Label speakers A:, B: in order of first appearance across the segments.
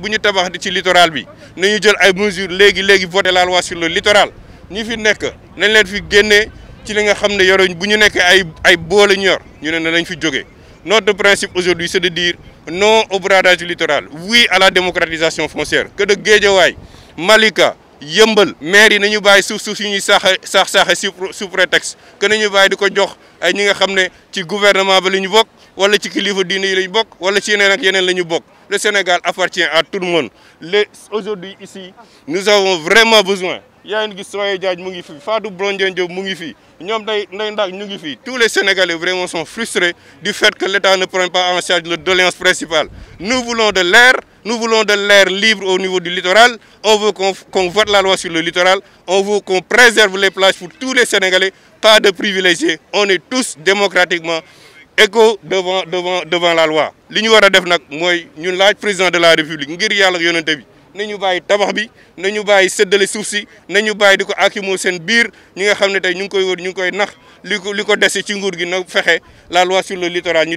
A: buñu tabax ci littoral nous avons jël ay la loi sur le littoral ñi fi nek nañ leen fi notre principe aujourd'hui c'est de dire non au bradage du littoral oui à la démocratisation foncière que de Malika yëmbal maire yi nañu bàyyi suuf suuf yu ñuy saaxe saax saaxe sous prétexte que nañu bàyyi diko jox ay ñi nga xam ci gouvernement ba liñu bok wala ci kilifa diine liñu bok wala ci yeneen ak yeneen lañu bok le Sénégal appartient à tout le monde les aujourd'hui ici nous avons vraiment besoin yaa ngi gis Soye Diagne mu ngi fi Fadou blondien Diop mu ngi fi ñom day nday ndaak ñu ngi fi tous les Sénégalais vraiment sont frustrés du fait que l'État ne prend pas en charge le doléance principale nous voulons de l'air nous voulons de l'air libre au niveau du littoral. On veut qu'on vote la loi sur le littoral. On veut qu'on préserve les plages pour tous les Sénégalais. Pas de privilégiés. On est tous démocratiquement égaux devant, devant, devant la loi. Ce que nous devons faire, le président de la République. Nous avons ñu bàyyi nous bi na nous nous de suuf si nous avons bàyyi ko akimoo sen biir ñi nga xam ne nous koy wër ñu koy nax la loi sur le littoral ñu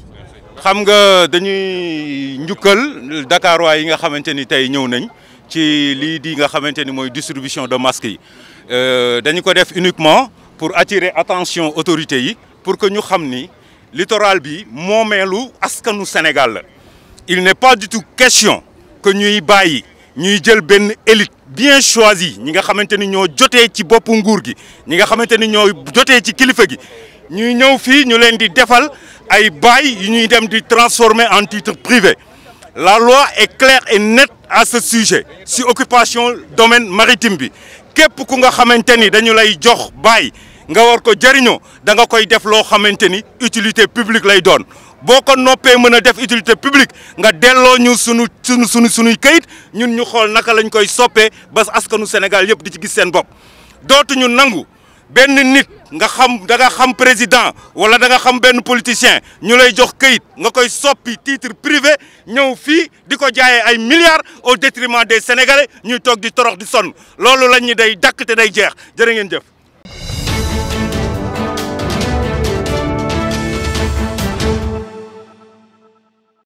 B: xam nga dañuy njukkal dakarois yi nga xamanteni ni ñew nañ ci li di nga xamanteni moy distribution de masques yi euh, dañ ko def uniquement pour attirer attention autorité yi pour que ñu xam ni littoral bi momelu askanu Sénégal il n'est pas du tout question que ñuy bayyi ñuy jël ben élite bien choisie ñi nga xamanteni ño ñoo ci boppu nguur gi ñi nga xamanteni ño ñoo ci kilifa gi ñuy ñew fi ñu leen di defal ay bail ñuy transformer en titre privé la loi est claire et nette à ce sujet si occupation domaine maritime bi képp ku nga xamante bail nga war ko da nga koy utilité publique lay doon boo ko noppee def utilité publique nga ñu sunu sunu sunu ñun ñu naka lañ koy bas Sénégal nangu. Ben nit nga xam da nga xam président wala da nga xam ben politicien ñu lay jox keuyit nga koy soppi titre privé ñew fi diko jaayé ay milliards au détriment des sénégalais ñuy tok di torox di son lolu lañ ni day dakk te day jeex jërë ngeen jëf.